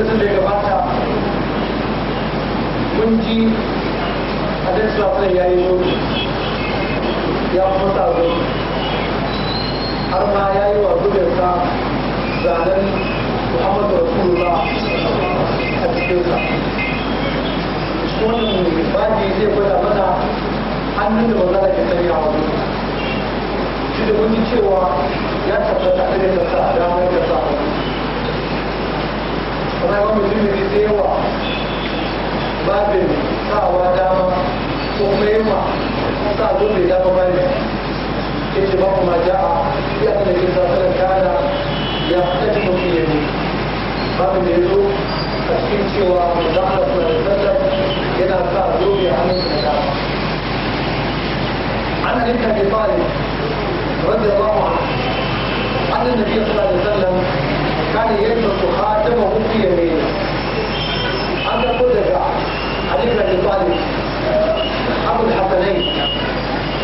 darasin da ya gabata mun ji a darasin ya yi shoki ya kuma sa har ma ya yi wa zubinsa zanen muhammadu ba a cikinsa wani baji zai gwada mana hannun da maza da a wani shi da mun cewa ya tabbata da ya a damar da wani وما يجب يسيوا بابن ساوا داما سوميما ساوا داما بني اتباع ما جاء بأن الإنسان كان يحتجم في يمين بابن يزو أسكين سوى مدعنا صلى الله عليه وسلم إلى ساوا دوبي عنه عن ابن أبي طالب رضي الله عنه أن النبي صلى الله عليه وسلم كان يلبس خاتمه في يمينه هذا كل دعاء علي بن ابي طالب ابو الحسنين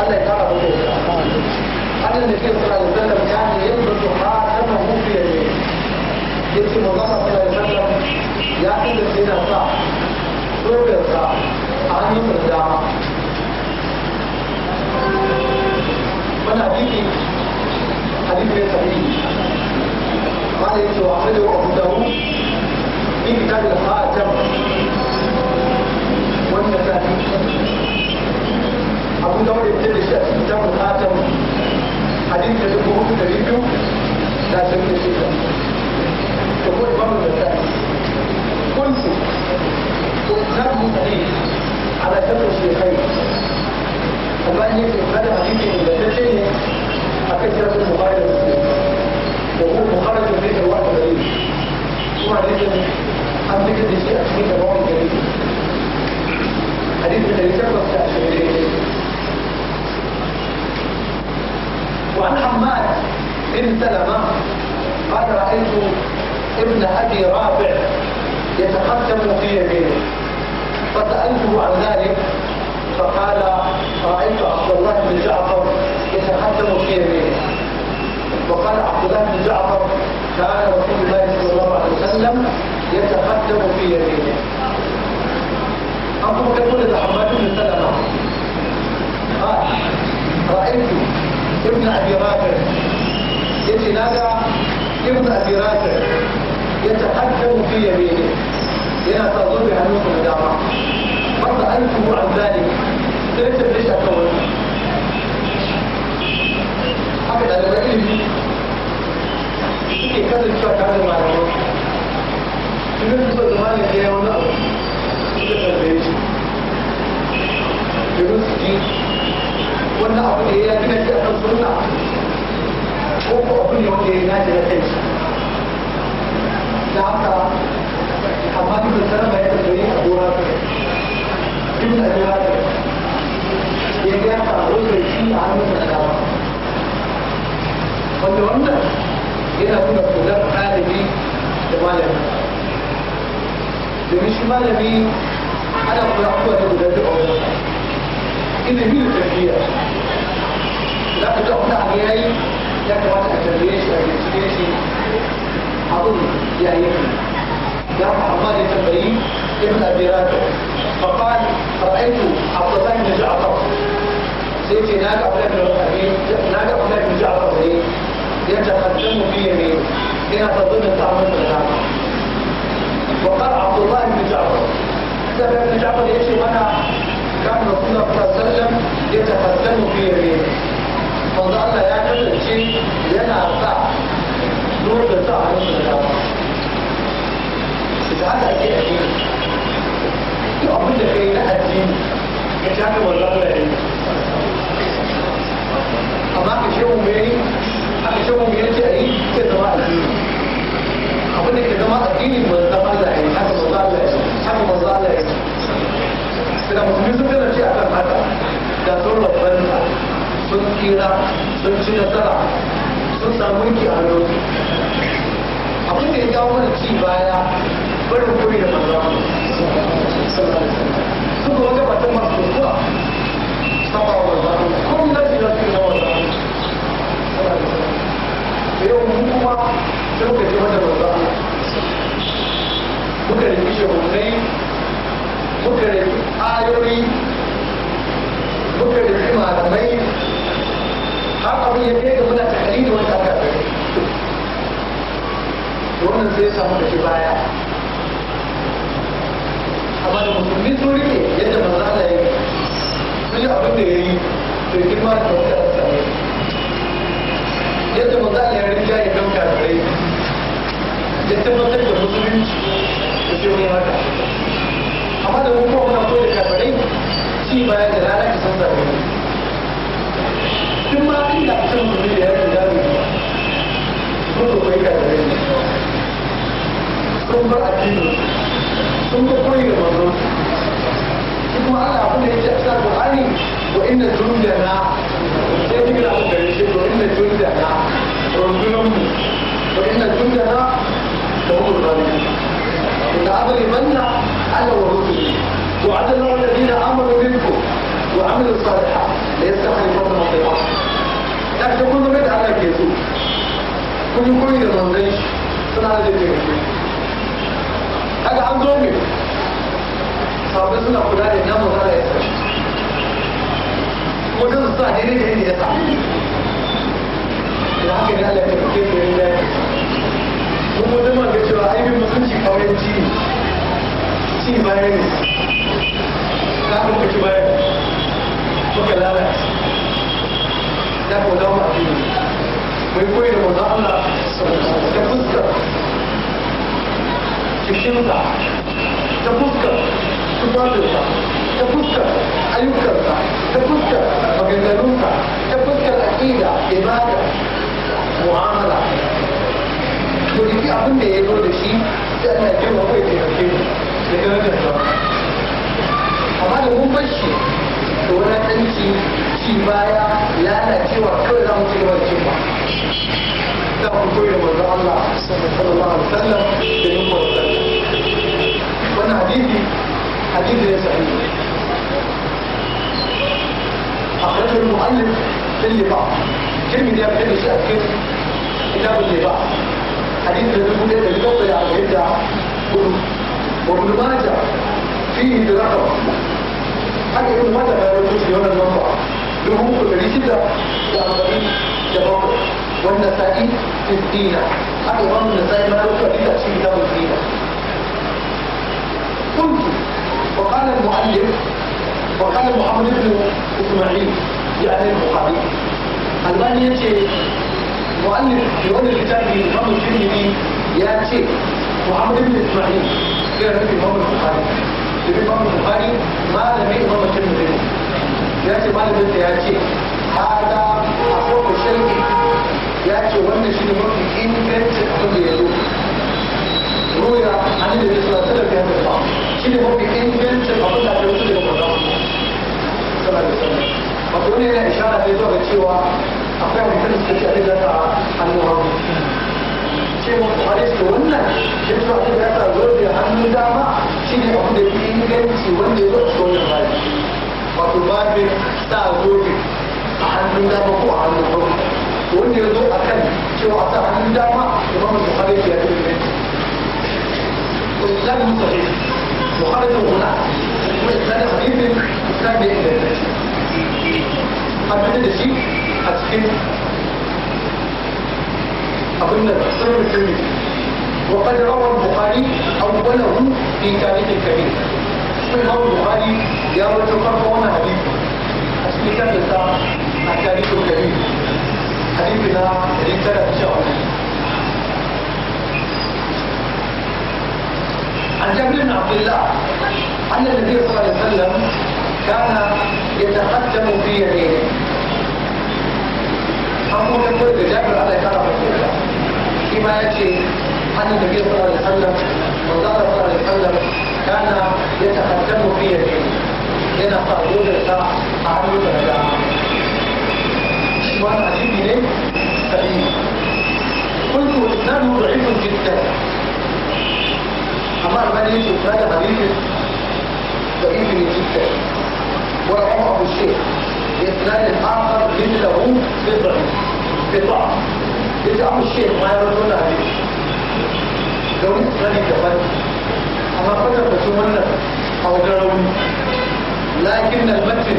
هذا الله يكرمه قال النبي صلى الله عليه وسلم كان يلبس خاتمه في يمينه يأتي مضافة صلى الله عليه وسلم يأتي بسينا الصح ثوب الصح عن يوم الدعاء وانا حديثي حديث غير صحيح أحمد وأحمد وأبو داود إلا الخاتم والنسائي أبو داود يبتدي كتاب الخاتم حديث تدبه في الفيديو لا تبني شيئا تقول إمام النسائي قلت وإسناده صحيح على شرط الشيخين وما أن يكتب هذا حديث إذا تجني أكثر البخاري ومسلم وخرج من بيت الواحد دليل سمع جدا أمسك بن سلمة قال في يمينه فسألته عن ذلك فقال رأيت عبد الله بن جعفر يتقدم في يمينه وقال عبد الله بن جعفر كان رسول الله صلى الله عليه وسلم يتقدم في يمينه أنتم كنتم لتحمد بن سلمة آه، رأيت ابن أبي راشد يتنادى ابن أبي راشد يتقدم في يمينه لأن تظل بهنوك الجامعة فسألته عن ذلك ليس ليش أكون haka ɗaliban ilimi suke kasancewa ta da malamai idan su zama malam ya yi wani abu suka tambaye shi domin su ji wannan abu da ya gina shi a kan sunna ko ko abu ne wanda ya nace Na kai shi da haka amma duk da sanarwa ya ne a gora duk da ya ya ga ya faru shi a hannun da dama wanda wannan yana nuna kudan ɗalibi da malami domin shi malami ana kula abubuwa da guda da ɓaura ilimi da tarbiyya za ka ji abu da abu yayi ya kamata ka tambaye shi a bincike shi abin ya yi da amma da tambayi ibn abi rafi فقال رأيت عبد الله بن جعفر سيدي ناقة عبد الله بن جعفر ناقة عبد الله بن جعفر يتقدم بيمينه هنا تظن طعم الغنم وقال عبد الله بن جعفر سبب بن جعفر يجي وانا كان رسول الله صلى الله عليه وسلم يتقدم في يمين الله يا كل شيء لنا ارتاح نور بتاع الغنم سبحان الله شيء عجيب يقول لك ايه لها الدين كان والله لا ايه في يوم ومين aka ce mun yace a yi sai zama addini abin da ke zama addini ba zama da yi haka ba za a yi haka ba za a yi sai musulmi sun gana ce akan haka da sun rabbanta sun kira sun ci nasara sun samu yanki a hannun abin da ya jawo mana ci baya barin kuri da manzan su kuma gabatan masu zuwa sabawa manzan kuma yau kuma sai muka ce mata manzo muka rubi shehunai muka rubi ayoyi muka rubi malamai har abin ya kai ga muna takalidi wanda aka kai wannan sai samu da shi baya amma da musulmi sun rike yadda manzo ya yi sun yi abin da ya yi girma da wanda yadda manzo Allah ya rinja ya dauka sai ya tabbatar da musulunci da sai wani haka amma da kuma muna so da kafirai shi ba ya da rana ka san zaɓe duk ma inda kusan musulmi da ya rinja ne kuma kai kafirai ne sun ba a addini sun bar koyi da mazo kuma ana abin da yake a cikin Qur'ani wa inna jundana sai kira mu gare shi wa inna jundana rundunan mu wa inna jundana da mu rundunan inna amri manna ala wa rusuli wa adana alladhina amanu minkum wa amilu salihat la yastakhlifanna fil ardh da ka kun ga da Allah ke so kun koyi da manzon shi suna da jami'i kaga an zo mai sahabbai suna kula da ina maza da ya sa shi kuma kansu sa daidai da yadda ya sa da haka ne Allah ya tafi da yadda ya sa kuma wani ma ga cewa ainihin mutunci kawai ci ci bayan ne za ka muka ci bayan muka lalata za ka wadawa masu yi mai koyi da maza Allah da fuskar cikinsa ta fuskar tufafinsa ta fuskar ayyukansa ta fuskar maganganunsa ta fuskar aƙida ibada mu'amala to jiki abin da ya zo da shi sai ana girma kai taimake mu da darajarsa amma da mun bashi da wani ɗanci ci baya lalacewa kawai za mu ci gaba da cewa za koyi da manzo Allah sallallahu alaihi wasallam da yin wannan hadisi الحديث يا سعيد أخرجه المؤلف في اللباع كلمة دي أبتدي كيف كتاب اللباع حديث لتكون إيه اللي تقضي على الهدع وابن ماجه فيه برقم حاجة ابن ماجه ما يردوش لهنا المنبع له بريد الله تعمل جبار والنسائي في الدينة حاجة إمام النسائي ما يردوش شيء كتاب الدينة قلت وقال المؤلف وقال محمد بن إسماعيل يعني البخاري الماني يجي مؤلف في أول الكتاب الإمام الشيخ يا شيخ محمد بن إسماعيل في سيرة الإمام البخاري في الإمام البخاري ما لم يكن الترمذي الشيخ ce malamin da ya ce hada a kowace shirki ya شيخ wannan shi ne mafi ingancin abin da ya روي عن النبي صلى الله عليه وسلم بهذا الطعام شنو هو بإنجلس الأقل على الرسول والرسول صلى الله عليه وسلم وتقول لنا إشارة لزوج الشيوة أقام كل استشهاد لك عن المرض شيء مخالف لنا شيء صحيح لك زوج عن المدامة شنو هو بإنجلس وين يزوج كل الغالب وتبارك سأزوجك عن المدامة وعن المرض wanda ya zo a kan cewa sa hannun dama imam bukhari ya yi والإسلام مستقيم وخرج الغلاء والإسلام حقيقي الإسلام بإحداث abin da shi a cikin abin da sun mutum وقد روى البخاري أوله في تاريخ الكريم من هو البخاري يا رجل فرقون حديث أسمي كان التاريخ الكريم حديثنا رسالة شعر عن جابر بن عبد الله أن النبي صلى الله عليه وسلم كان يتقدم في يديه فهو لم جابر على كان رسول فيما يأتي أن النبي صلى الله عليه وسلم وزار صلى الله عليه وسلم كان يتقدم في يديه لأن قبول الساعة أعلم درجة وأنا أجيب إليه سليم قلت إنه ضعيف جدا عمار بن يمشي في هذا حديث ضعيف من ولا ورواه ابو الشيخ باسناد الاخر مثله بضعف يجي ابو الشيخ ما يردون عليه لو انت اسناد كفايه اما قدر بتمنى او درون لكن المتن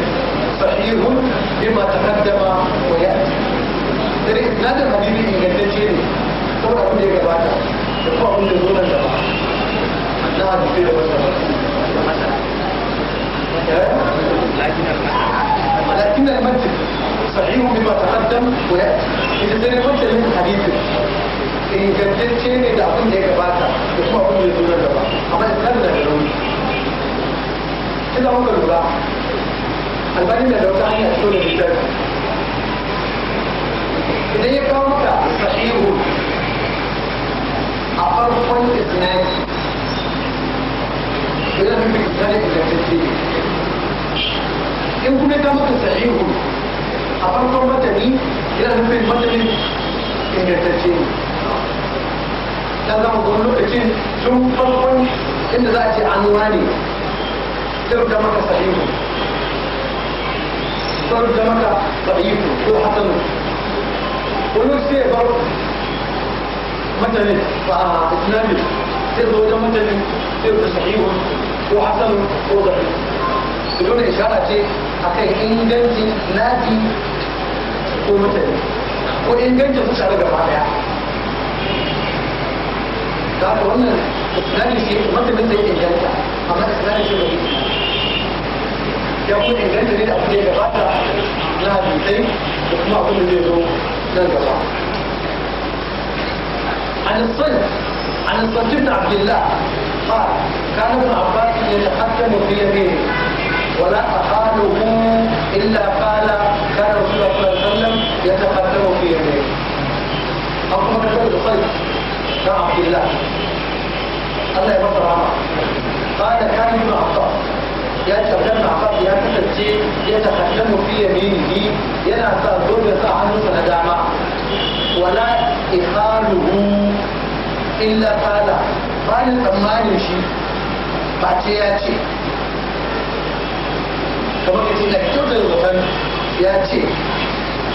صحيح بما تقدم وياتي الاسناد الحديث انجلتشي ne saboda abin da ya gabata da kuma abin da zo انها مفيده مثلا لكن المنطق صحيح بما تقدم وياتي اذا زي ما قلت من حديثك ingantacce ne da abin da ya gabata da kuma abin da ya zo na gaba amma islam da rauni kina muka lura albani da dauka hanya so da littafi idan ya kawo maka sahihu a farkon isnadi خلاف ذلك الى تسليمه in kuma ka maka sahihu a farkon matani yana nufin matanin ingantacce ne ta zama kuma lokacin tun farkon inda za a ce an wani sai rubuta maka sahihu sai rubuta maka sahihu ko hasanu wani ba a ko hasan ko da su nuna ishara ce akan ingancin nafi ko mutane ko ingancin su tare gaba daya za ka wannan islami ce mutumin zai inganta amma islami ce bai ya kuma inganta ne da abin da ya gabata na hadisai da kuma abin da zai zo nan gaba عن الصنف عن الصنف بن قال كان ابن عباس يتختم بيده ولا أخاله إلا قال كان رسول الله صلى الله عليه وسلم يتختم بيده أبو بكر بن الخير طيب بن عبد الله الله يبارك عمر قال كان ابن عباس ya tabbata Abbas ya kasance ya takaddamu fi yaminihi yana sa dole sa hannunsa na dama wala ba ni tsammanin shi face ya ce kamar da suna kyau da zaton ya ce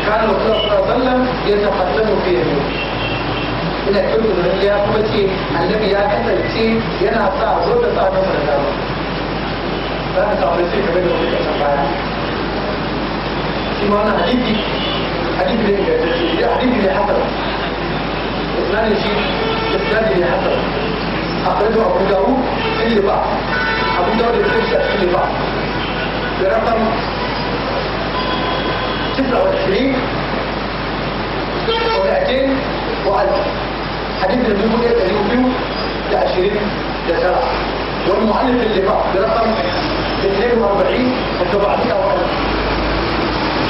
kan mutum sallan ya tafasa mu fiye da ina kyau da zaton ya kuma ce annabi ya kasance yana sa zo da sa masa da ba za ka samu sai kamar da wani kasan baya shi ma wani hadisi hadisi ne ga hadisi ne hasan isnadin shi isnadin ne hasan أخرجه أبو داود في لبعض أبو داود الترجع في لبعض برقم 29 و200 و1000 حديث النبي يقول ايه تجيبه ل 20 ل 7 والمؤلف اللي بعد برقم 42 و400 و1000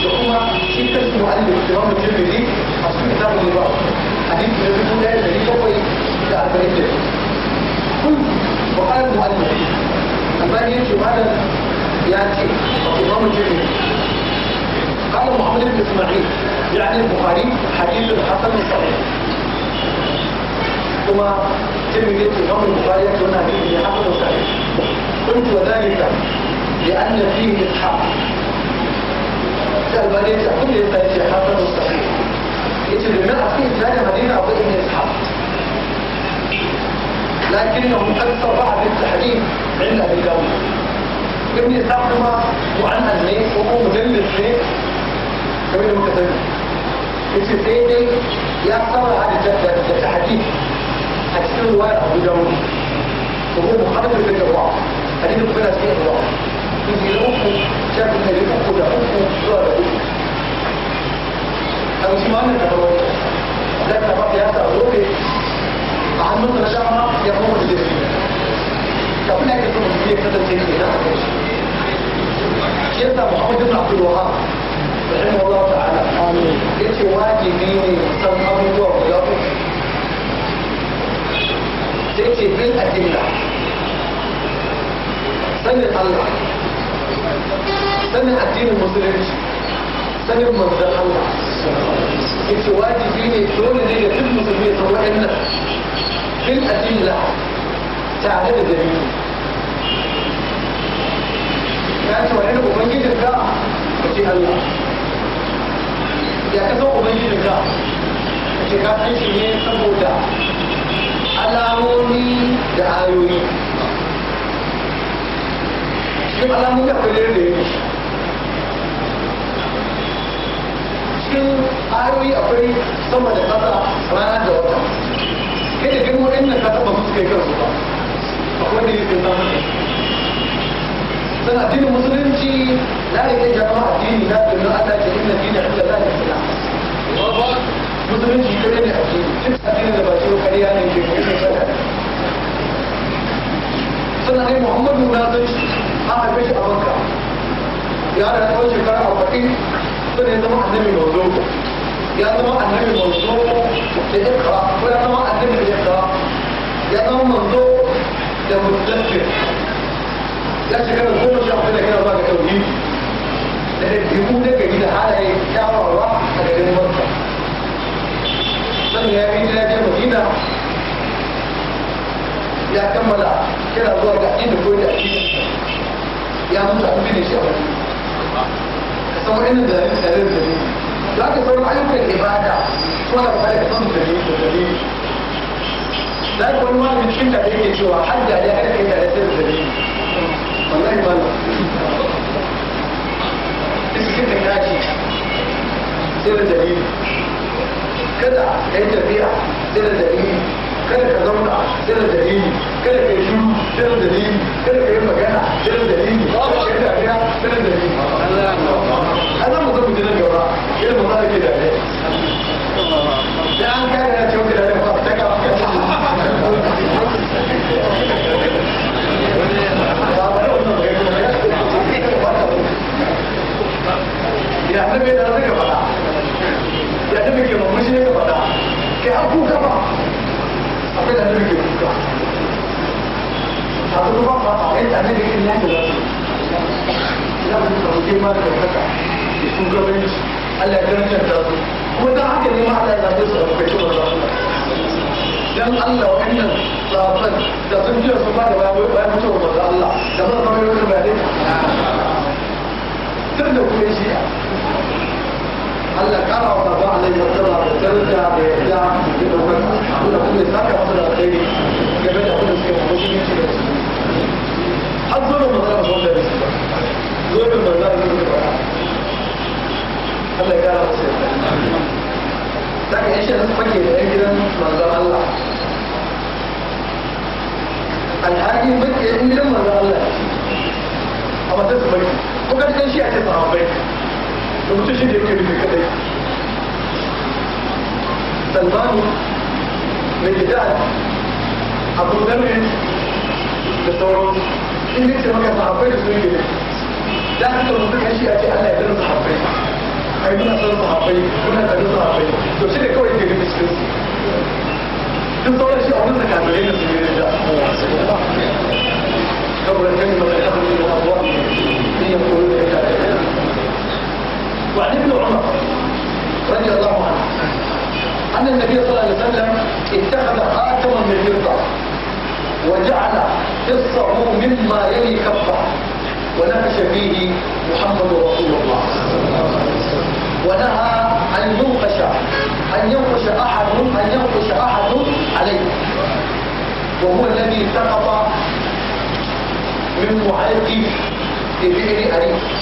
هو شيء بس مؤلف كمان الجيم دي اصل كتاب اللي بعده حديث النبي يقول ايه اللي هو بتاع البني الكل وقال المؤلف أما يمشي وأنا يأتي فالإمام الجميل قال محمد بن إسماعيل يعني البخاري حديث حسن صحيح ثم تلميذ الإمام البخاري يكون حديث حسن صحيح قلت وذلك لأن فيه إسحاق قال بعدين كل يسأل حسن قلت يجب لما أفيه ثاني مدينة أعطيه إسحاق لكنهم أكثر بعد التحديث عند أبي ابن إسحاق معنى ليه وقوم مدلس ليه كمان هو في اسم سيدي يصل هذا التحديث حديث الواقع أبو داود وهو مخالف في بعض حديث ربنا سيئ بعض يجي لأخو شاف إن لأخو لأخو صار لأخو أبو سمان الأبوات ذكر بقي هذا بعد مدة شهر يقوم بدفن طب لكن في كتب زي كده شيخ محمد بن عبد الوهاب رحمه الله تعالى امين yace wajibi ne san abubuwa guda uku sai ce bil adilla sanin Allah sanin addinin musulunci sanin manzon Allah yace wajibi ne dole ne ga duk musulmi ya san waɗannan fil adilla tare da dalili ya ce wani da ubangijin ka ka ce Allah ya ka san ubangijin ka ka ce ka san shi ne saboda alamomi da ayoyi cikin alamomi da kwallon da ya cikin ayoyi akwai sama da ƙasa rana da wata kada kai mu ɗan nan ka taɓa fuskar kansu ba akwai dalilin samun sana addinin musulunci na rike jama'a addini na domin Allah ce inna dina inda Allah ya sala musulunci kai ne addini duk addinin da ba shi kariya ne ke kuma sada sannan ne Muhammadu na san shi an haife shi a Makka ya da tsawon shekara arba'in sannan ya zama annabi mazo لأنه أهم الموضوع لإقرأ ولأنه يا الإقرأ لأنه منظور لمتذكر لسه كان كل شخص كده بقى توحيد لكن الجمهور ده جديد على ايه؟ تعرف الله على المرضى ثم يا بنت لا تعمل كده يا كم لا كده الله تحديد كل تحديد يا هم تعرفين ايش يا سواء ان ده سالم لكن صور عليك العبادة ولا بخلك تنزل ليه لا يكون ما من شلة هيك شو حد عليها هيك هيك على سر والله ما اسم كنت ناجي سر دليل كذا هي تبيع سر دليل kada ka zauna da dalili kada ka yi shiru da dalili kada ka yi magana da dalili kada ka yi dariya shirin da mu jiran gaba irin mu da ke sai da nake a kuma ba ba yadda da kin yanke zasu za mu da kaka da kuma kuma kuma قال لك أرى وطبع لي وطلع وترجع ويرجع كده وكده أقول أقول لك وطلع الخير جميل أقول لك مش يمشي بس الظلم الله أقول لك ظلم الله أقول لك Allah ya kara masu yadda. Za ka yanke da fage da ‘yan gidan manzan Allah. Alhaki bakke ‘yan gidan manzan Allah. A matan su bari, ko kan shi a ce sahabbai. وتجد كلمة كذا سلمان من جدال أبو دمين بصورون إن ليس مكان صحابين سوية لا أنتم مصدق أشياء أشياء ألا يدلون صحابين أي من أصدر صحابين من أصدر صحابين لو شيء كوي تجد مشكلة بصورة شيء أمنا كاملين سوية جاء قبل كلمة الحمد لله أبواب إن يقولون كذا وعن ابن عمر رضي الله عنه أن النبي صلى الله عليه وسلم اتخذ خاتما من فضة وجعل قصه مما يلي كفه ونفش فيه محمد رسول الله ونهى أن ينقش أن ينقش أحد أن ينقش أحد عليه وهو الذي سقط من معرق بئر أريك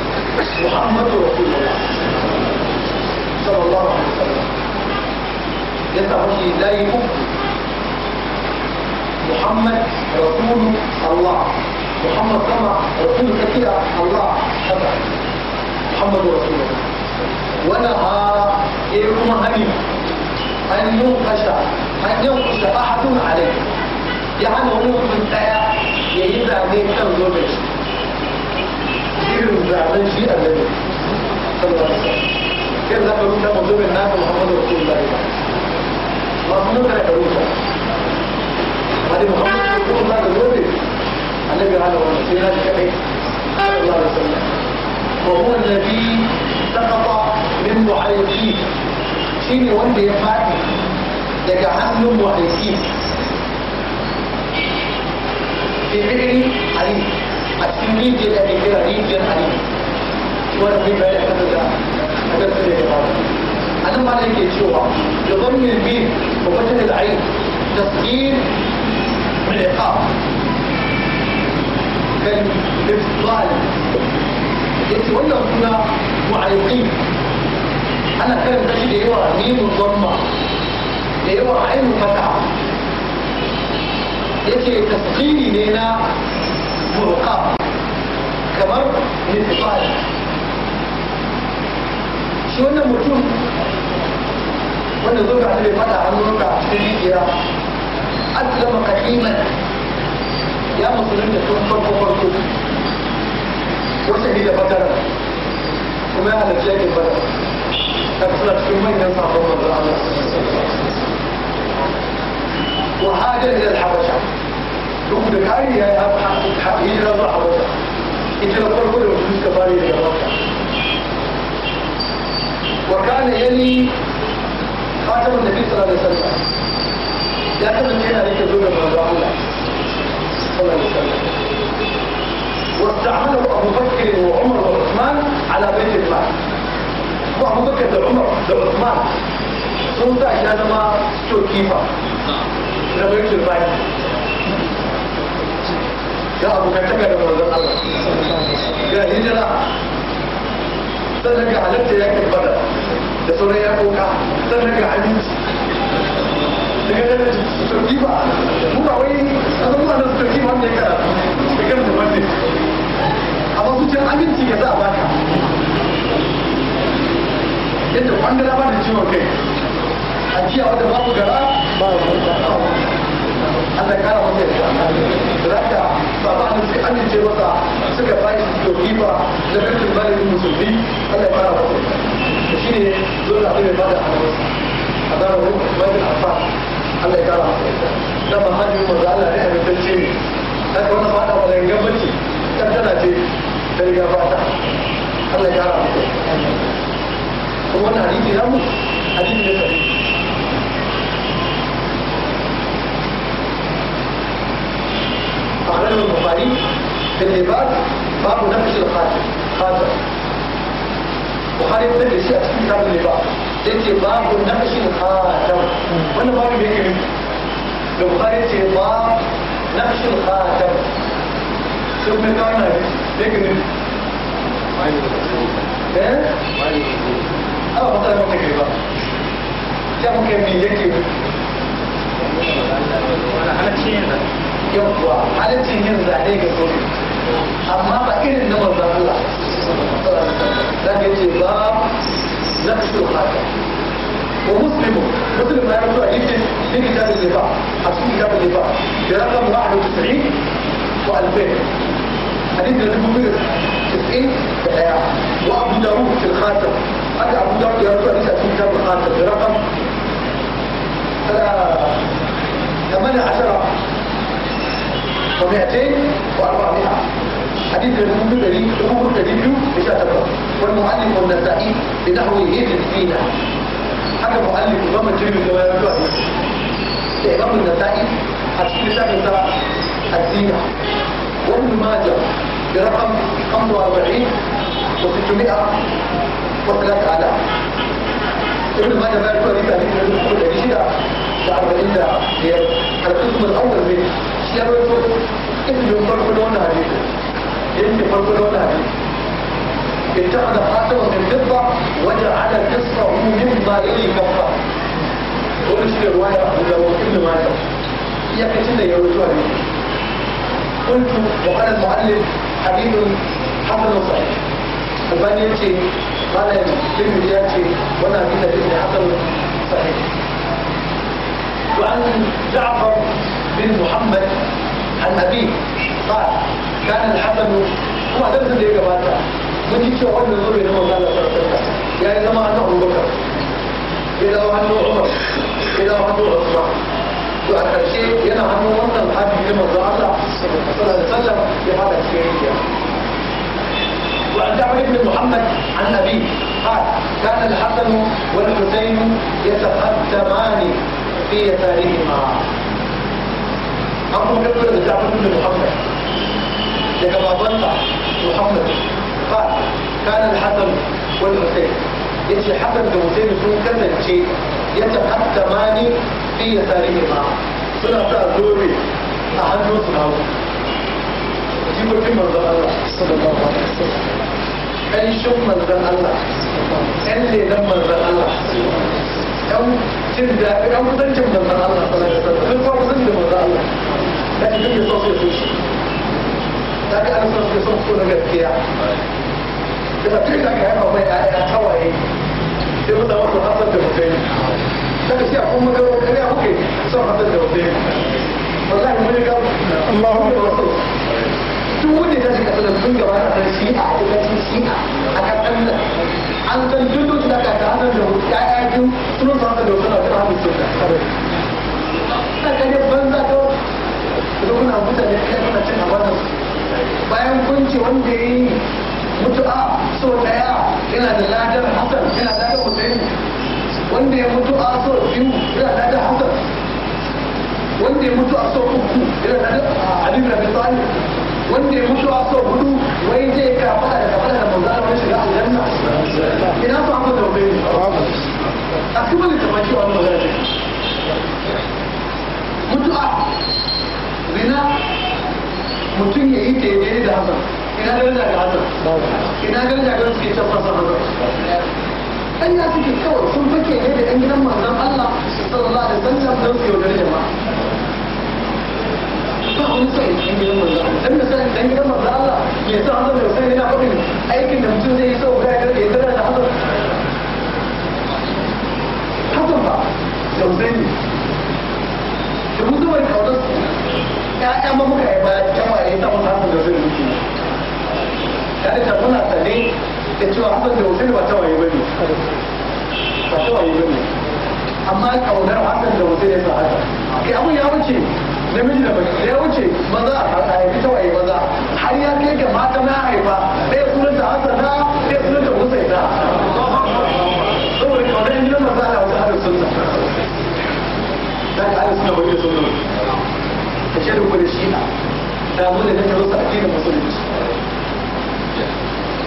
محمد رسول الله صلى الله عليه وسلم يسعى وجهي لا يكفر محمد رسول الله محمد كما رسول كثير الله شبع محمد رسول الله ونهى إيكم هني أن ينقش أن ينقش أحد عليه يعني هو من تأيه يهيب عليه كم زوجة يرجع للشيء الذي صلى الله عليه وسلم كيف ذكروا ده مطلوب الناس محمد رسول الله مظلوم لا يروجع هذه محمد رسول الله الرسول النبي عليه الصلاه والسلام صلى الله عليه وسلم وهو الذي سقط من معيقيه شيء وانت يفعل يجعله معيقيه في فعل عليه هتكون مين جدا كده مين جدا حبيبي وانا في بالي حتى ده هدف انا ما عليك يشوع لضم البيت وفتح العين تسجيل العقاب كان افضل انت ولا كنا معيقين انا كان بدي اللي هو مين وضمه اللي هو عين وفتحه يجي تسجيلي لنا ونقاط كمر للإطالة shi wannan mutum wanda zo ga bai fada hannu ga cikin rijiya aslama kadiman ya musulun da tun farko farko wata ne da bakara kuma ya halarci yake fara ta suna cikin manyan sabon manzo Allah wa hajar ila al-habasha duk da kai ya yi hijira zuwa habasha ita da farko da mutum suka fara daga makka wa kana yani khatamun nabi sallallahu alaihi wasallam ya kasance yana rike zuwa manzo Allah sallallahu alaihi wasallam واستعمله ابو بكر وعمر وعثمان على بيت المال وابو بكر ده عمر ده عثمان sun sa shi zama storekeeper na baitul mali ga abokantaka da manzon Allah ga hijira sannan ga halatta yakin badar da sauran yakoka sannan ga aminci daga nan turki ba mu ba wai abubuwa na turki ba mai kada da kan da wanne amma su can aminci ya za a baka yadda kwangala ba da ciwon kai ajiya wadda babu gara ba a Allah ya kara masa yadda da haka baba ne sai amince masa suka ba shi tokifa na bikin malamin musulmi Allah ya kara masa yadda shi ne zuwa abin da ba da hannunsa a zara wani kusurin afa Allah ya kara masa yadda da ba hajji mu da Allah ya amintacce ne haka wannan fata ba da gangamanci kan tana ce da معناه البخاري في العباد باب نفس الخاتم خاتم البخاري بدأ شيء اسمه كتاب اللباس يأتي باب نفس الخاتم وأنا باب بيكي البخاري يأتي باب نفس الخاتم شوف من كان بيكي ايه؟ اه مثلا ممكن يبقى كم كمية كده؟ أنا أنا تشيل yawwa halittin yin zane ga gobe amma ba irin na manzan Allah dan ya ce ba na fito haka wa muslimu muslim ya fito a yankin din kitabin liba a cikin kitabin liba da rakam wa'adu tis'in wa alfain حديث النبي مبرر تسعين دقيقة وأبو داوود في الخاتم أتى أبو داوود يرفع حديث في كتاب الخاتم برقم ثمانية عشر و244 حديث المؤمن دليل ثبوت دليله بسبب والمعلم والنسائي بنحو هيل فينا حكى مؤلف امام الترمذي كما يقول الامام النسائي حسب كتاب ترى الزينة وابن ماجه برقم 45 و600 و3000 ابن ماجه ما يقول حديث النبي صلى الله عليه وسلم القسم الاول منه yaroto indin farko na ne indin wajen ala kisa umin ma iri kafa wani shi da ruwa ya abu da wakil da mata ya kai shi da yaro zuwa ne kuntu wa kanan ma'alli habibin hasan wasa ubani ya ce malayin limbi ya ce عن جعفر بن محمد عن أبيه قال كان الحسن هو لم يكن لك باتا وجدت أول من ظلم إنه قال صلى الله عليه يا إنما أنه أبو بكر إلى أن عمر إلى أن عثمان وأكثر شيء ينهى أنه وصل الحاج بن مرزا صلى الله عليه وسلم بهذا الشيء وعن جعفر بن محمد عن أبيه قال كان الحسن والحسين يتقدمان في يسارهما أبو بكر بن سعد بن محمد لك بابنسا محمد قال كان الحسن والحسين يجي حسن والحسين sun kasance yadda hatta mani fi yasarihima suna sa zobe a hannun su hagu jikokin manzon Allah sallallahu alaihi wasallam ɗan shin manzon Allah ɗan lelan manzon Allah yan jin daɗi yan kusancin manzan Allah sallallahu alaihi wasallam sun fa kusancin manzan Allah da ita ke so sai su shi da ka an san ke so su na gaskiya da tun da ka haifa mai ayya tawaye sai mu samu hasan da mutai da ka siya kuma ga wani ya kuke son hasan da mutai wallahi mun ga Allahu akbar duk wanda ya tashi kasar sun gaba a kan shi'a a kan shi'a a kan ɗanɗan an san duk duk da ka ta da ya'ya biyu sunan ka da suna ta hamu sun da saka ne banza ta da kuna mutane kai kuna cin amanar bayan kunci wanda ya yi mutu'a so daya yana da ladar hasan yana da hussein wanda ya mutu a so biyu yana da ladar hasan wanda ya mutu a so uku yana da ladar ali bin abi talib wanda ya mutu a sau hudu wai zai ka kafa da kafada da manzo Allah shiga aljanna ina su mu da wani a kuma da kamar cewa wannan magana Mutuwa rina mutum ya yi daidai da hasan ina daraja ga hasan ina daraja ga suke can fasa masa dan ya suke kawai sun fake ne da yan gidan manzon Allah sallallahu alaihi wasallam don su yaudare jama'a ba wani son shi gidan manzo dan da san dan gidan manzo Allah ya san Allah ya san yana da mutum yi so guda ya ya da Allah da usaini da mu zuwa kautar su ya'ya ma muka yi ba yawa ya samu samun da zai mutu tare da muna sane da cewa hakan da usaini ba tawaye ba ne ba ne amma kaunar hakan da usaini ya sa haka ya wuce namiji da mace ya wuce maza a haifi ta waye maza har ya kai ga mata na haifa ɗaya sunan da hasana ɗaya sunan da husaina saboda kamar yin nan maza da wasu hada sunna da ka hada sunna bakin sunna ka ce da kuma shi na da mu da kake rusa addinin musulunci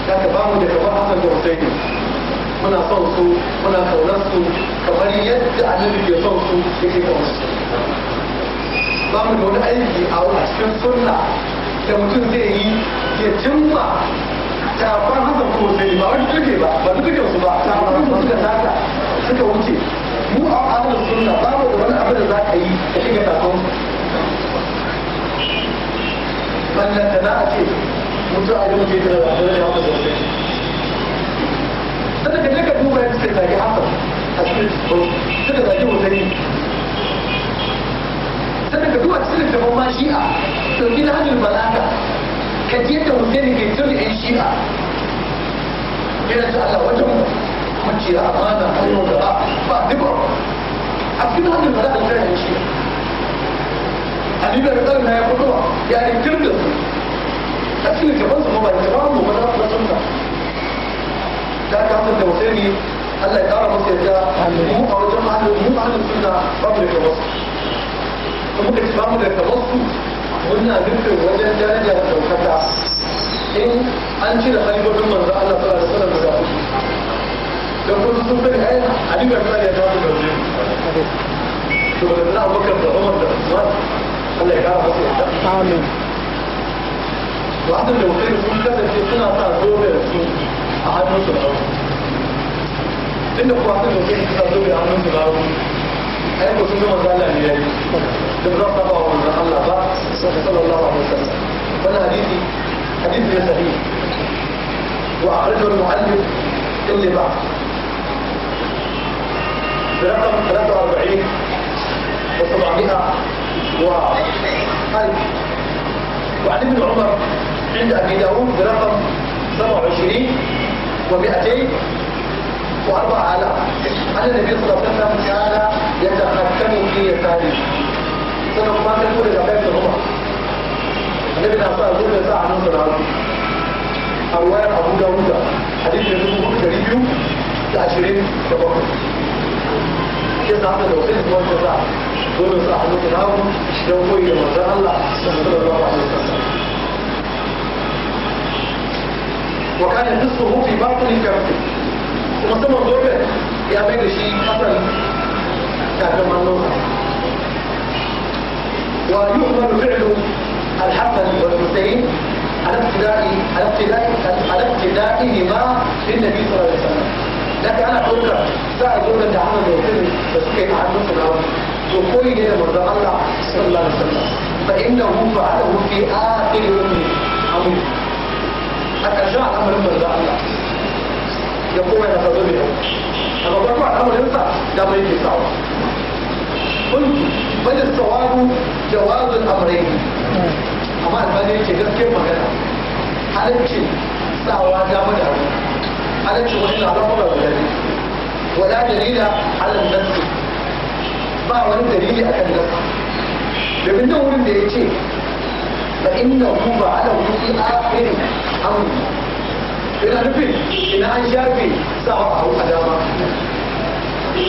da ka bamu da kafa hasan da husaini muna son su muna kaunar su kamar yadda annabi ke son su yake kaunar su amma mu da wani aiki a cikin sunna da mutum zai yi ya jimma tafan haka ko sai ba wani duke ba ba duke su ba tafan haka suka taka suka wuce mu a ahlus sunna babu da wani abu da za ka yi da shiga tafan wannan da na a ce mutum a yi mutum da ba da ya mutu sai ka je ka duba yadda suka zagi haka a cikin suka zagi mutane sannan da duba cikin da ma shi'a ɗauki na hajjul malaka ka je da husaini ke tun yan shi'a yana ta Allah wajen maciya amana a yau da ba duba a cikin hajjul malaka tun yan shi'a alibar tsarin na ya fito ya yi tun da su a cikin gaban su ba da ba mu ba za su ba tun da ta kamar da ne, Allah ya kara masa yadda mu a wajen mu a wajen sunna babu da wasu muka ci bamu da tabassu muna nufin wajen daraja da daukaka in an cire hanyoyin manzo Allah sallallahu alaihi wasallam guda uku da kuma sun bari ai Ali bin Talib ya tafi da to da na Abubakar da Umar da Usman Allah ya kara musu yadda amin wa'adun da wakilin sun kasance suna sa zobe su a hannun su da Inda kuwa sun da wakilin suna zobe a hannun su da ai mutum ne manzo Allah ne yayi da ba ta ba manzo Allah ba sallallahu alaihi wasallam wannan hadisi hadisi ne sahih wa akhrajahu al-mu'allif اللي بعد برقم 43 و700 و 1000 وعن ابن عمر عند ابي داود برقم 27 و 200 وأربعة على أنا النبي صلى الله عليه وسلم كان يتحكم في يساره صلى الله عليه وسلم كل الأبيات عمر النبي صلى الله عليه وسلم يسعى عن نصر العربي أولا أبو داود حديث النبي كل تريبيو تأشيرين تبقى كيف عمل لو هو الجزاء دول دون ساعة نصر العربي لو قوي رمضان الله صلى الله عليه وسلم وكان نصفه في بطن كفه mutumin zobe ya mai da shi kasan kafin mannon wa yu'mar fi'lu al-hasan wal husayn على ابتداء على ابتداء على ابتدائهما للنبي صلى الله عليه وسلم لكن انا اقول لك ساعه دول انت عامل موقف بس كيف عامل في الاول وكل هنا مرضى الله صلى الله عليه وسلم فانه فعله في اخر يومه عظيم حتى جاء امر مرضى الله ya kuma yana da mai a gaban kuma al'amarinsa da mai ke sawa kuntu bada da jawazul amrai amma alfani ce gaskiyar magana halaccin sawa dama da hannu halaccin wani na al'amura guda ne wala dalila alal nassi ba wani dalili akan nassi domin nan wurin da ya ce ba inna ku ba ala a akhirin amri ina nufin ina an shafe sawa a hauka dama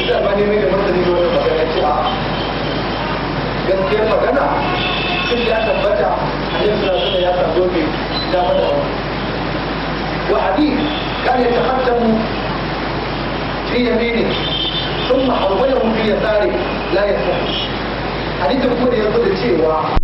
da ba ne mai da martani da wani magana ce a gaskiya magana shi ya tabbata a yin suna suna ya sa zobe da wani wa hadi kan ya tafarta mu fi yamini sun ma'aubayar mu fi ya tsari la ya tsare hadi da kuma da ya zo cewa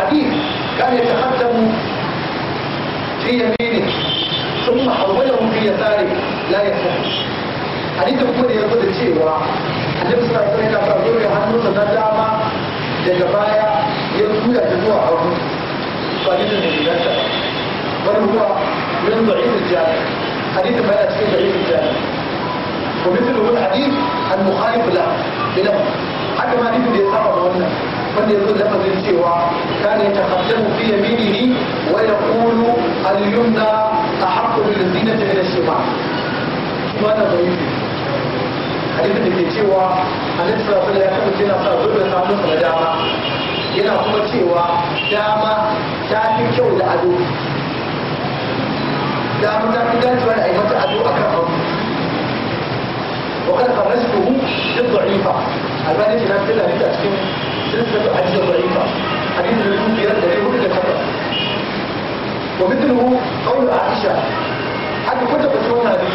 العبيد كان يتقدم في يمينه ثم حولهم في يساره لا يفهم حديث الكل يقول شيء واحد حديث صلى الله عليه وسلم يقول يحنو تتدعما يتبايا يقول يتبوع عرض صديد من الجنة بل هو من ضعيف الجانب حديث بلا شيء ضعيف الجانب ومثل هو الحديث المخالف له بلا حتى ما نفد يسار الله wanda ya zo da lafazin cewa kana ya taqaddamu fi yaminihi wa yaqulu al-yumna ahaqqu bil zinati min ash-shimal kuma na bayyana hadisin da ke cewa annabi sallallahu alaihi wasallam yana sa zuwa samun sa dama yana kuma cewa dama ta fi kyau da ado dama ta fi dacewa da aikata ado akan abu وأنا خرجته بالضعيفة الباني في نفس الله نبدأ في سلسلة حديث الضعيفة حديث اللي يكون في رد عليه إلا خطأ ومثله قول عائشة حتى كنت بتكون هذه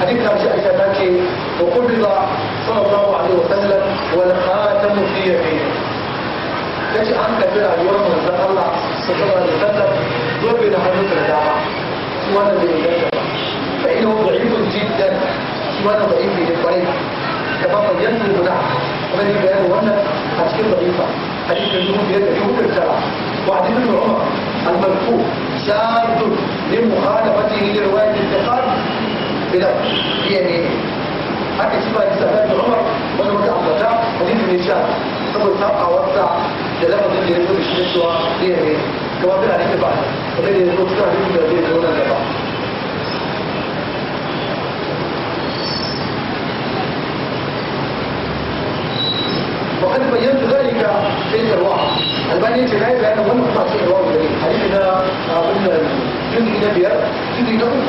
حديث عائشة عائشة تاكي وقبض صلى الله عليه وسلم والخاتم في يمينه ليش عن كثير اليوم من ذكر الله صلى الله عليه وسلم ضرب إلى حديث الدعوة وأنا بإجابة فإنه ضعيف جدا وانا بقيت في الفريق كبابا ينزل بدعه ومن يبقى وانا تفكير ضعيفة حديث النوم في يد الحوت السبع وعديد بن عمر الملفوف شاذ لمخالفته لرواية انتقال بلفظ هي يعني هي حتى تشوف هذه الصفات عمر وانا بقى عبد الرجاع حديث بن هشام ثم التقى وابدع للفظ اللي يقول الشمس في يمينه كما قلنا عليك بعد وغير يقول شاذ لمخالفته لرواية انتقال وقد بينت ذلك في الواقع الباني الجنائي بأنه لم يقطع في الواقع الجديد حديثنا قلنا جزء نبيا جزء نقل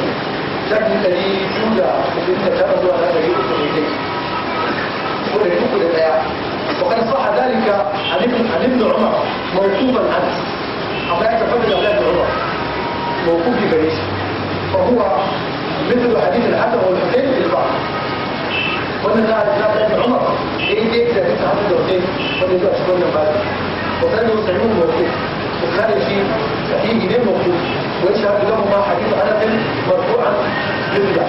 لكن الذي يولى وإن تابدوا أن هذا يؤثر إليه يقول يقول الآية وقد صح ذلك عن ابن ابن عمر موقوفا عنه أما يتفضل على ابن عمر موقوف في باريس فهو مثل حديث الحسن والحسين في البعض ومن قال الإسلام لأن عمر إيه جدا يتعامل الدولتين ومن يجوا أشكال من بعد وكان يسلمون موقوف وكان يشيل فيه جنيه موقوف ويشهد لهم مع حديث أنس مرفوعا بالرجع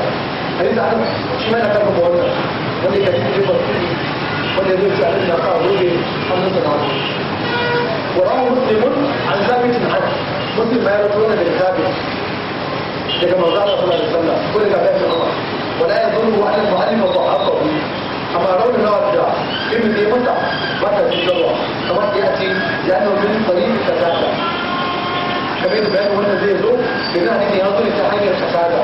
حديث أنس شمال كان مبارك لي كان يجوا ومن يجوا أشكال من أخاه لي حمد الله وراه مسلم عن ثابت عنه مسلم ما يرسلون من ثابت لكما قال صلى الله عليه وسلم كل ما بيت الله ولا يظنه أن المؤلف ضعفه أما لو نرجع ابن ذي متع متى بالجرة كما يأتي لأنه من طريق الفسادة كبير بيان وأن زي زوج بناء أن يظن إلى الفسادة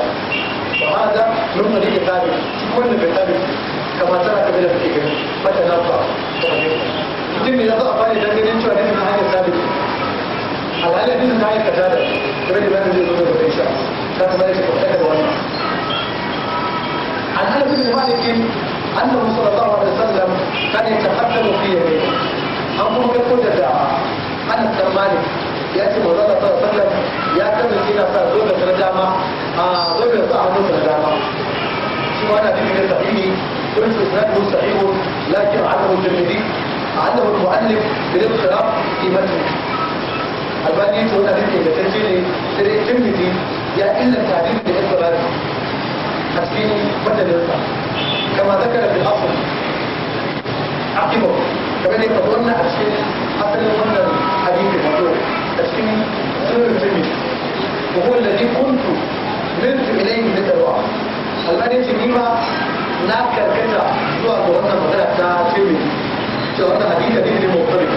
وهذا من طريق ثابت كل بثابت كما ترك من الفكر متى نرجع mutum ya zo a bani don ganin cewa nufin ta hanyar sabit alhalin nufin ta hanyar kasada kamar da bayan zai zo da gaba insha ta zama da shi kwamfuta da wannan عن انس بن مالك انه صلى الله عليه وسلم كان يتقدم في يمينه اما يقول دعاء انس بن مالك ياتي مولانا صلى الله عليه وسلم يا كم فينا صار الرجامة آه زوجة صاحب نصر الرجامة شو انا في من صحيح قلت اسناده صحيح لكن عنه الترمذي عنه المؤلف بالاضطراب في متنه الباني يقول هذه الترمذي يا الا التعليم بالاسرائيل تسجيله متى يرفع كما ذكر في الاصل عقبه كمان يتضمن تسجيل حتى قلنا الحديث الموضوع تسجيل سر الجميل وهو الذي كنت نلت اليه من الوعد الان تجيبها na karkata zuwa ga wannan magana ta tirmi cewa wannan hadisi hadisi ne mawdu'i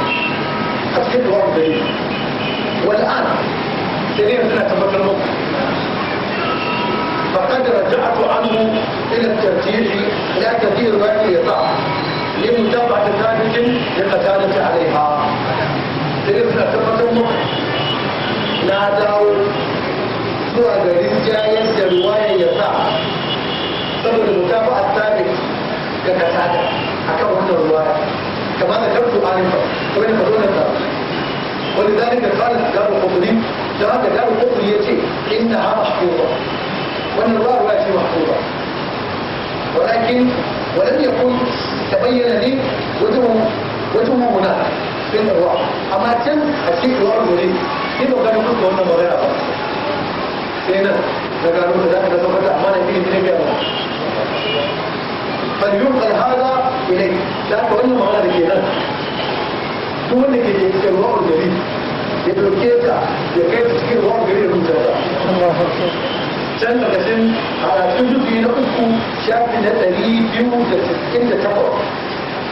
a cikin duwan gari wal an sai فقد رجعت عنه الى الترجيح لا كثير ما في لمتابعة ثابت لقتالة عليها تلك ثقة مخ نادوا سوى ذلك جايز جلوايا يطاع سبب المتابعة الثابت لقتالة أكبر هنا الرواية كما ذكرت آنفا وين خذونا الثابت ولذلك قال دار القطري دار دار القطري يتي إنها محفوظة والنظار وأتي محفوظا ولكن ولم يكن تبين لي وجهه وجهه هناك في الأرواح أما كان أشيك الأرض لي كيف كانوا كنت هنا مغيرة هنا فقالوا لذلك نتوقع أمانة فيه من إجابة فليبقى هذا إليه ذاك وإنه مغيرة لكينا هو اللي كي الوضع الجديد كيف يكيف تسكير الوضع الجديد من الله can daga a karatun jufi na uku shafi na ɗari biyu da sittin da takwas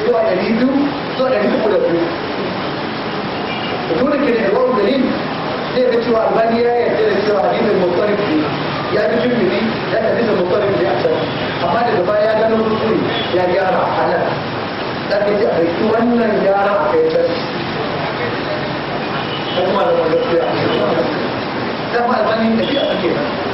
zuwa ɗari biyu zuwa ɗari uku da biyu dole ke da yawan dalil zai ga cewa albani ya yarda da cewa hadisin ne ya fi ne a can amma daga baya ya gano kuskure ya gyara a za ka ji a ɗauki wannan gyara a kai can kuma da wanda ya dama albani tafiya ake nan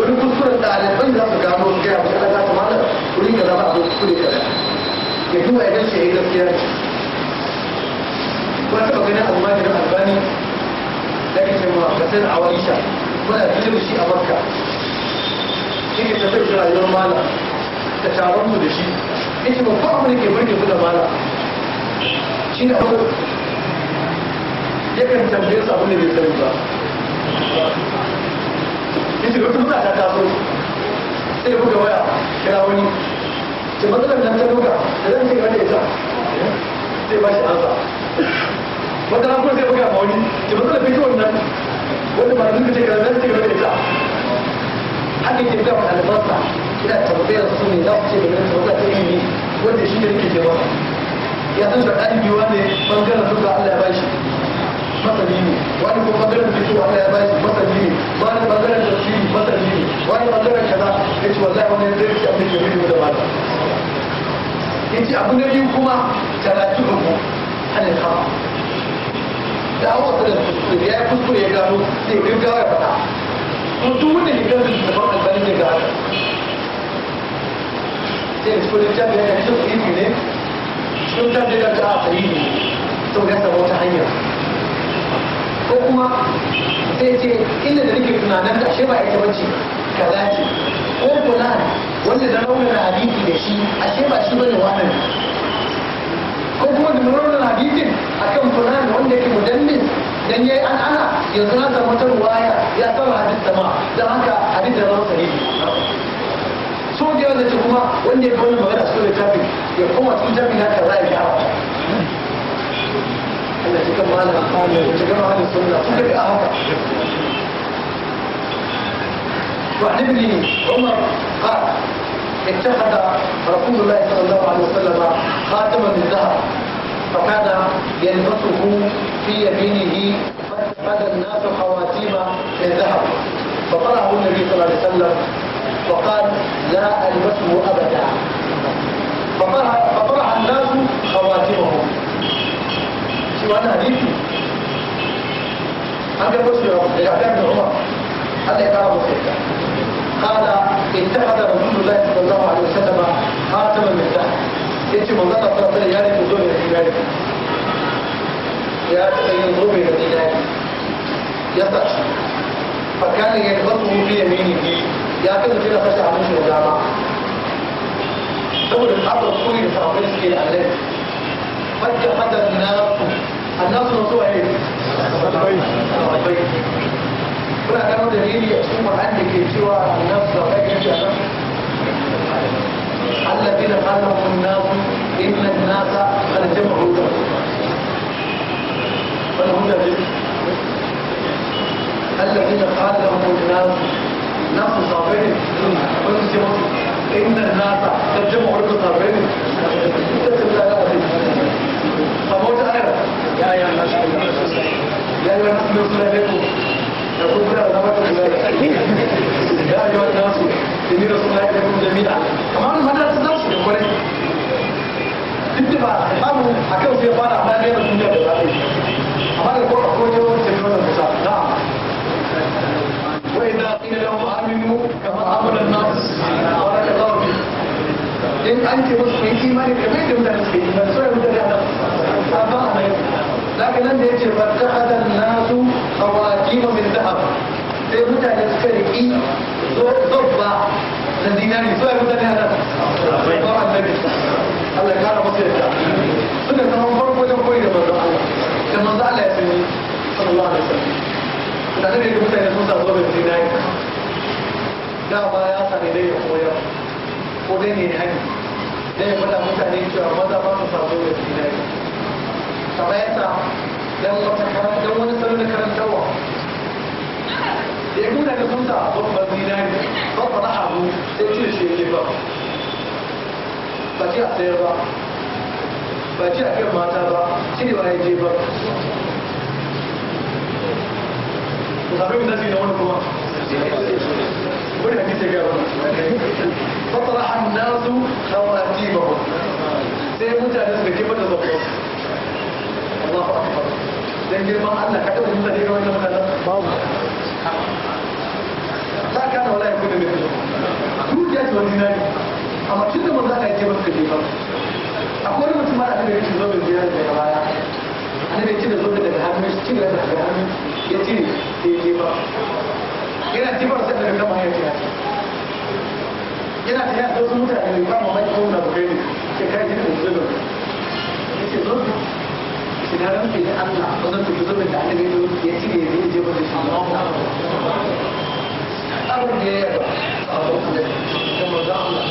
wani kuskuren ɗaliban za su gano su gaya wasu ɗaga kamata wuri ka zama abu kuskure kaza ya duba ya dace ya yi gaskiya ne ba taɓa gani ganin almajirin albani da ke cewa fasir a waisha muna fitar shi a makka shi ke tafi da rayuwar mala da taron mu da shi yake babban abu da ke burge mu da mala shi ne abu kan tambaye su abin ne bai sani ba ya shiga tuta ta taso sai buga waya kira wani ce matsalar nan ta duka da zan ce da ita sai ba shi ansa wata ran kuma sai buga ma wani ce matsalar fito wannan wanda ba zuka ce kira zan ce da ita haka ke gaba albarka ina tambayar su ne za su ce da ganin tabbata ta ilimi wanda shi ne ke cewa ya san da ɗalibi wani bangaren duka Allah ya ba shi masani ne wani ko bangaren da ke ya ba shi masani ne wani bangaren da shi masani ne wani bangaren kaza ya ce wallahi wani zai ci abin da ya da mata ya ce abu na biyu kuma karatu da ku ana kama da awa da kuskure ya kuskure ya gano sai gaggawa ya faɗa to duk wanda albani ne ga haka sai ta ga yana cikin ne ta ga ta a ne to ya samu wata hanya ko kuma sai ce inda da nake tunanin da ashe ba ita ce kaza ce ko kula wanda da raunin hadisi da shi ashe ba shi bane wannan ko kuma da raunin hadisin kan fulan wanda yake mudannin dan yayi an ana yanzu na da wata ruwaya ya tsara hadis da ma dan haka hadis da raunin hadisi so da yawa da kuma wanda ya fi wani magana su da tafi ya koma tafi jami'a kaza ya shafa Allah ابن عمر قال اتخذ رسول الله صلى الله عليه وسلم خاتما من ذهب فكان يلبسه في يمينه فاتخذ الناس خواتيم من ذهب فطلعه النبي صلى الله عليه وسلم وقال لا ألبسه أبدا فطرح الناس خواتمهم shi wani hadisi an ga musu daga kan umar Allah ya kara musu ita qala ittakhadha rasulullahi sallallahu alaihi wasallam khataman min dhahab yace manzo Allah sallallahu alaihi wasallam ya yi zobe da dinari ya ta yin zobe da dinari ya sa shi fa kana yadhbu fi yaminihi ya kasance na fashe abin shi da dama saboda abin kuri da sahabbai suke da annabi حتى حدث الناس الناس موضوع ايه؟ البيت ولا كانوا دليل يقسم عندك سوى الناس البيت الذين قالهم الناس إن الناس قد جمعوا فلهم دليل الذين قالهم الناس نفس صابرين قلت إن الناس قد جمعوا لكم صابرين موت الآية يا أيها الناس يا أيها الناس يوصل إليكم يقول كده ضربت يا أيها الناس إني رسول الله إليكم جميعا كمان ما لا تزوجش يا ولد إيه؟ تتبع حمو حكاو في بعض أحلام هي مش مجرد أمان القرآن كل يوم سيكون المساء نعم وإذا قيل لهم آمنوا كما آمن الناس بارك الله فيك إن أنت مسلم إيمانك كمان جملة مسلمين لكن عندي انت فاتخذ الناس خواتيم من ذهب زي إيه متى نذكر ايه ضبع الذين يعني سوى متى نهلا الله كان بسيطة سنة كمان فرق وجه كوينة بزعلة كما زعلة يا سيدي صلى الله عليه وسلم تعتني اللي متى نسوسى ضبع الذين يعني جاء بايا صار إليه خويا خوديني هني ليه بدأ متى نيجي ماذا ما نصابه الذين يعني kamata dan wata karanta wani sanar da karantarwa da ya kuna da sunta a babban zinari babban na abu sai cin shi yake ba ba ji a sayar ba ba ji a kan mata ba shi ne ba ya je ba ku zaɓi mu nasi na wani kuma wani hadisi ga wani fatara annasu khawatibahum sai mutane suka kifa da zaɓi Allahu akbar dan girman Allah ka dauki mutane ga wannan magana babu ta kana wala ya kuma mai dukiya ce wani nani amma tunda mun za ka yi maka je ba akwai wani mutum ma da aka yi zo da ziyara daga baya annabi ya cire zo daga hannun shi cire daga hannun ya yana jibar sai ya yana wasu mutane da kama mai kuma da bukai ne ke kai jikin zuwa ne ce idan ranke da Allah wajen ku zo da annabi ya ci ne zai je ba da shi abin da ya yaba a da da maza Allah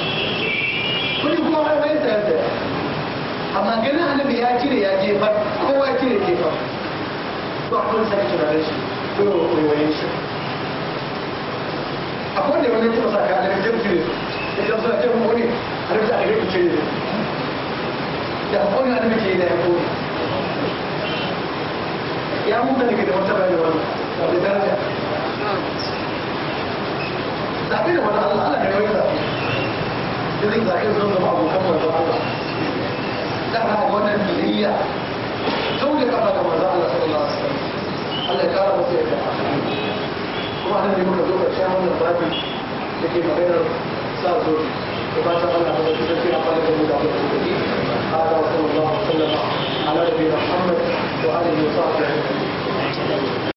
kuni kuma har bai tsaya amma ganin annabi ya cire ya jefa kowa ya cire jefa to akwai sake tunanin shi ko wayoyin shi akwai da wani ci saka annabi zai cire idan suna ce mu ne annabi za a yi ku cire da akwai annabi ke da ya kone يا ممكن كده وتبع لي والله ولدرجة تعبير ولا الله الله يقول لك يريد ذاك الزمن مع ابو بكر وعمر دعها وانا المنية زوجة قبل رمضان صلى الله عليه وسلم الله يكرم وفيك وما احنا بنقول لك شيء من الباقي اللي كيف غير صار زوجي مباشرة على التي أقل من هذا وصلى الله وسلم على نبينا محمد وآله وصحبه